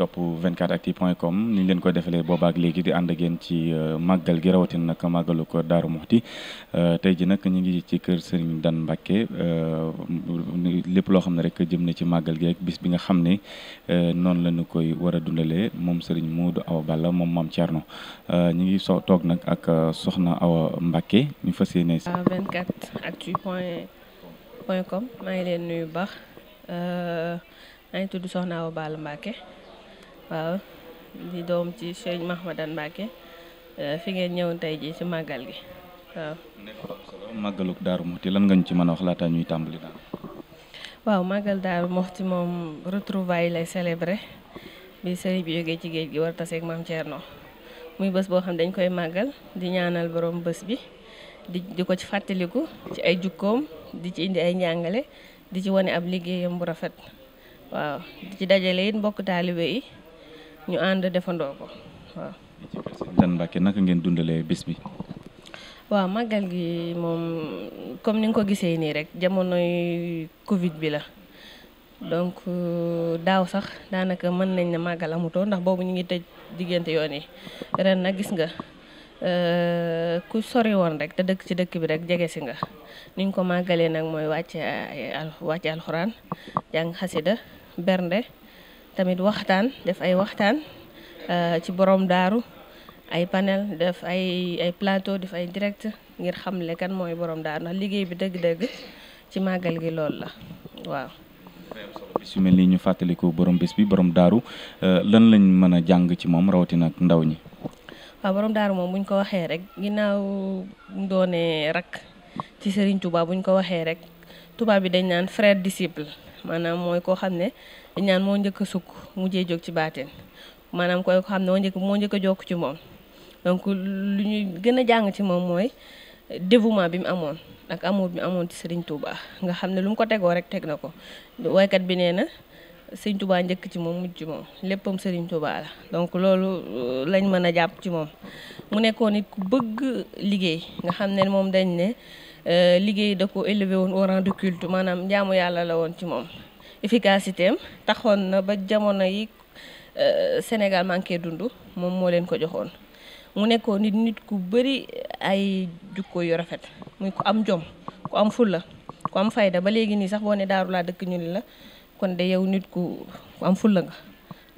topp 24actu point com ni ñu leen koy defalee boobaak léegi di ànd ak yéen ci euh, màggal gi rawatin nag màggalu ko Daaru Muxti euh, tey ji nag ñu ngi ci kër Serigne Dan Mbacke euh, lépp loo xam ne rek jëm na ci màggal gi ak bis bi nga xam ne noonu la ñu koy war a dundalee moom Serigne Modou Awa Balla moom Mame Thierno ñu ngi so toog nag ak Soxna Awa Mbacke ñu fas yéene. 24actu point point com maa ngi leen nuyu baax maa ngi tudd Soxna Awa Balla Mbacke. waaw di doom ci Cheikh Mahmadan Mbacke euh, fi ngeen ñëw tey ji ci màggal gi waaw. màggaluk Daaru Muxti lan nga ñu ci mën a wax laata ñuy tàmbali daal. waaw màggal Daaru Muxti moom retrouvaille lay célébré bi sëriñ bi jógee ci géej gi war taseeg maam Thierno muy bës boo xam dañ koy màggal di ñaanal boroom bës bi di di ko ci fàttaliku ci ay jukkoom di ci indi ay njàngale di ci wone ab liggéeyam bu rafet waaw di ci dajale it mbokk taalibe yi. ñu ànd defandoo ko waaw. Sëñ Mbacke naka ngeen dundalee bis bi. waaw màggal gi moom comme ni nga ko gisee nii rek jamonoy Covid bi la donc euh, daaw sax daanaka mën nañ ne màggal amutoo ndax boobu ñu ngi tëj diggante yoon yi ren nag gis nga euh, ku sori woon rek te dëkk ci dëkk bi rek jege si nga ni ñu ko màggalee nag mooy wàcce ay wàcce alxuraan jàng xasida bernde. tamit waxtaan def ay waxtaan euh, ci borom daaru ay panel def ay ay plateau def ay direct ngir xamle kan mooy borom daaru ndax liggéey bi dëgg-dëgg ci màggal gi loolu la waaw. bis mel nii ñu fàttaliku borom bis bi borom daaru euh, lan lañ mën a jàng ci moom rawatina ak ndaw ñi. waaw borom daaru moom buñ ko waxee rek ginnaaw doonee rak ci Serigne Touba buñ ko waxee rek tubaab bi dañ naan frère disciple. maanaam mooy koo xam ne dañ moo njëkk a sukk jee jóg ci baatin maanaam koy xam ne moo moo njëkk a ci moom donc lu ñuy gën a jàng ci moom mooy dévouement bi mu amoon ak amour bi amoon ci Serigne Touba nga xam ne lu ko tegoo rek teg na ko waykat bi nee na Serigne Touba njëkk ci moom mujj ci moom léppam Serigne la donc loolu euh, lañ mën a jàpp ci moom mu nekkoon nit ku bëgg liggéey nga xam ne moom dañ ne Euh, liggéey da ko élevé woon au de culte maanaam njaamu yàlla la woon ci moom efficacité am taxoon na ba jamono yi euh, Sénégal manqué dund moom moo leen ko joxoon mu nekkoon nit nit ku bëri ay jukko yu rafet muy ku am jom ku am fulla ku am fayda ba léegi nii sax boo ne daaru laa dëkk ñu ni la kon de yow nit ku am fulla nga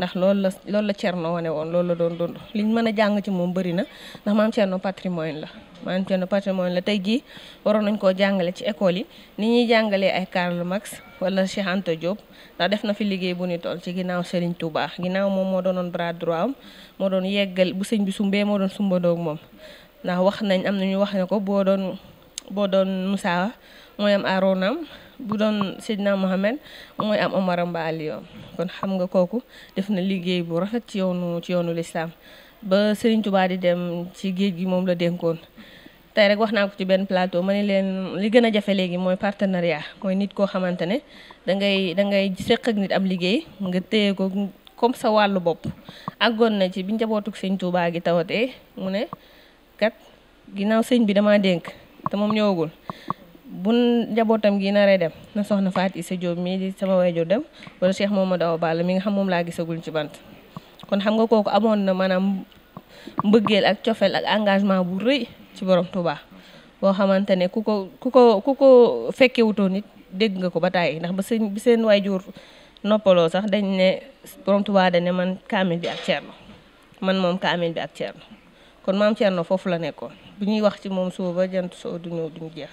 ndax loolu la loolu la Thierno wane woon loolu la doon dund liñ mën a jàng ci moom bëri na ndax maam Thierno patrimoine la maam Thierno patrimoine la tey jii waroon nañ koo jàngale ci école yi ni ñuy jàngalee ay Karl Marx wala Cheikh Anta ndax def na fi liggéey bu ni toll ci ginnaaw Serigne Touba ginnaaw moom moo doonoon bras droit am moo doon yeggal bu sëñ bi sumbee moo doon sumbandoog moom ndax wax nañ am na ñu wax ne ko boo doon boo mooy am aaronam bu doon Seydina Mohamed mooy am omaram ba Aliyoom kon xam nga kooku def na liggéey bu rafet ci yoonu ci yoonu lislaam ba Serigne Touba di dem ci géej gi moom la dénkoon te rek wax naa ko ci benn plateau ma ne leen li gën a jafe léegi mooy partenariat mooy nit koo xamante ne da ngay da ngay seq ak nit am liggéey nga téye ko comme sa wàllu bopp àggoon na ci bi njabootu sëñ Touba gi tawatee mu ne kat ginnaaw sëñ bi damaa dénk te moom ñëwagul bu njabootam gi naree dem na soxna Fatou sa Diop mii di sama waajur dem wala moom ma Awa Balla mi nga xam moom laa gisagul ci bant kon xam nga kooku amoon na maanaam mbëggeel ak cofeel ak engagement bu rëy ci borom Touba boo xamante ne ku ko ku ko ku ko fekkewutoon nit dégg nga ko ba tàyyi ndax ba seen bi seen waajur noppaloo sax dañ ne borom Touba ne man kaamil bi ak Thierno man moom kaamil bi ak kon maam na foofu la nekkoon bu ñuy wax ci moom suba ba jant soo du ñëw jeex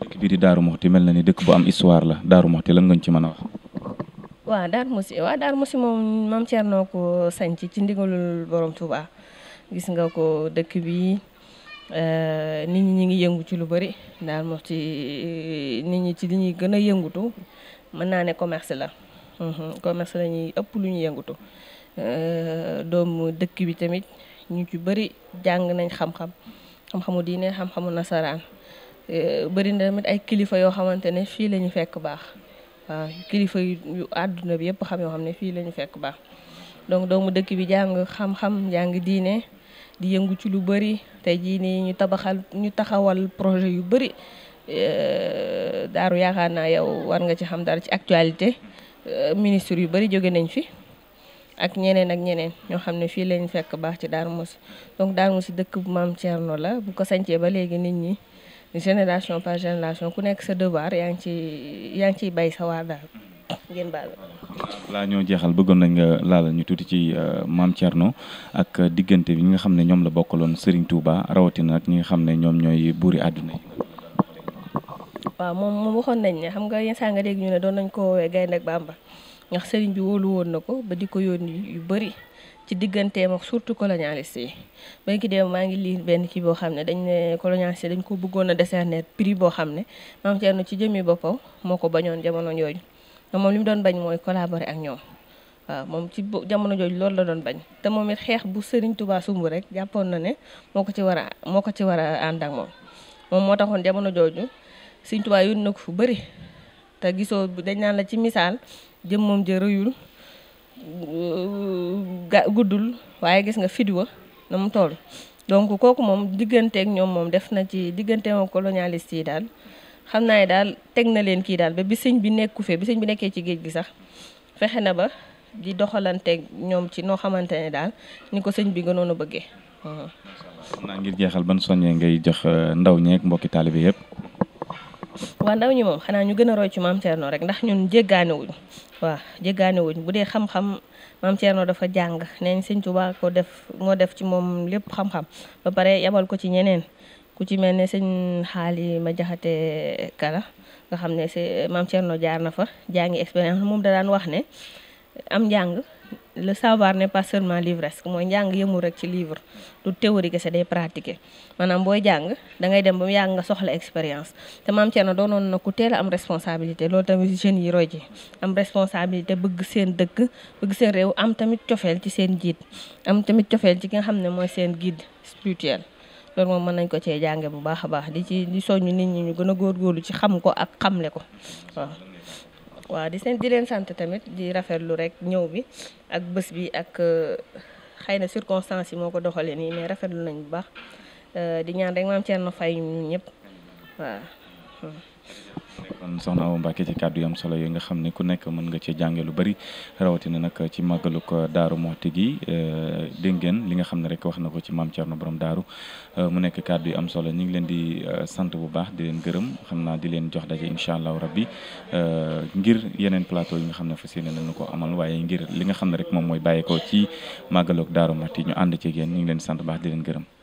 dëkk bii di Darou Mousty mel na ni dëkk bu am histoire la Darou Mousty lan nga ci mën a wax. waaw Darou mosi moom Darou Mousty moom maam Thierno ko sanc ci ndigalul borom Touba gis nga ko dëkk bi euh, nit ñi ñu ngi yëngu ci lu bëri Darou euh, nit ñi ci li ñuy gën a yëngutu mën naa ne commerce la mhm, commerce la ëpp lu ñu yëngutu euh, doomu dëkk bi tamit ñu ci bëri jàng nañ xam-xam xam-xamu diine xam-xamu nasaraan. Eh, bëri na tamit ay kilifa yoo xamante ne fii la ñu fekk baax waaw kilifa yu àdduna bi yëpp xam yoo xam ne fii lañu fekk baax donc doomu dëkk bi jàng xam-xam jàng diine di yëngu ci lu bari tey jii nii ñu tabaxal ñu taxawal projet yu bëri eh, daaru yaakaar naa yow war nga ci xam dara ci actualité eh, ministre yu bari jóge nañ fi ak ñeneen ak ñeneen ñoo xam ne fii lañ fekk baax ci Darou Mouhty donc Darou Mouhty dëkk bu maam Thierno la bu ko sancee ba léegi nit ñi génération par génération ku nekk sa devoir yaa ngi ci yaa ngi ciy bay sa waar daal ngeen laa ñoo jeexal bëggoon nañ nga laal ñu tuuti ci euh, maam Thierno ak diggante bi ñi nga xam ne ñoom la bokkaloon Serigne Touba rawatina ak xam ne ñoom ñooy buuri àdduna yi. waaw moom moom waxoon nañ ne xam nga yenn saa nga dégg ñu ne doon nañ ko woowee gaynde ak Bàmba ndax Serigne bi wóolu woon na ko ba di ko yónni yu bëri. ci digganteem ak surtout colonialiste yi ba ki dem maa ngi lire benn kii boo xam ne dañ ne colonialiste dañ ko bëggoon a décerner prix boo xam ne maam Thierno ci jëmmi boppam moo ko bañoon jamono yooyu moom li mu doon bañ mooy collaborer ak ñoom waaw moom ci jamono jooju loolu la doon bañ te moom it xeex bu sëriñ tubaa sumbu rek jàppoon na ne moo ko ci war a moo ko ci war a ànd ak moom moom moo taxoon jamono jooju Serigne Touba yónni na ko fu bari te gisoo dañ naan la ci misaal jëm moom jë rëyul ga guddul waaye gis nga fidwa na mu tool donc kooku moom digganteeg ñoom moom def na ci diggante moom colonialiste yi daal xam naa ne daal teg na leen kii daal ba bi sëñ bi nekku fee bi sëñ bi nekkee ci géej gi sax fexe na ba di doxalanteeg ñoom ci noo xamante ne daal ni ko sëñ bi gënoon a bëggee. xam naa ngir jeexal ban soññee ngay jox euh, ndaw ñeek mbokki taalibe yëpp. waa ndaw ñi moom xanaa ñu gën a roy ci maam Thierno rek ndax ñun jéggaane wuñ waaw jéggaane wuñ bu dee xam-xam maam Thierno dafa jàng neen sëñ Tuubaa def moo def ci moom lépp xam-xam ba pare yabal ko ci ñeneen ku ci mel ne sëñ xaali ma jaxate kala nga xam ne c'est maam Thierno jaar na fa jàngi expérience moom da daan wax ne am njàng le savoir n'est pas seulement livresque mooy njàng yëmul rek ci livre lu théorie kese day pratiquer maanaam booy jàng dangay dem ba mu yàgg nga soxla expérience te maam Thierno doonoon na ku teel am responsabilité loolu tamit jeunes yi roy ji am responsabilité bëgg seen dëkk bëgg seen réew am tamit cofeel ci seen jiit am tamit cofeel ci ki nga xam ne mooy seen guide spirituel loolu moom mën nañ ko cee jànge bu baax a baax di ci di soññ nit ñi ñu gën a góorgóorlu ci xam ko ak xamle ko waaw di seen di leen sant tamit di rafetlu rek ñëw bi ak bés bi ak euh, xëy na circonstances yi moo ko doxalee nii mais rafetlu nañ bu baax euh, di ñaan rek maam Thierno Faye ñun ñëpp waaw. kon soxna Awa Mbacke ci kàddu yu am solo yi nga xam ne ku nekk mën nga cee jànge lu bari rawatina nag ci màggalu ko daaru moxti gi eh, dégg ngeen li nga xam ne rek wax na ko ci maam Thierno borom daaru eh, mu nekk kàddu yu am solo ñu ngi leen di eh, sant bu baax di leen gërëm xam naa di leen jox daje incha allahu rabbi ngir yeneen plateau yi nga xam ne fas yéene nañu ko amal waaye ngir li nga xam ne rek moom mooy ko ci màggalu daaru moxti ñu ànd ci yéen ñu ngi leen sant baax di leen gërëm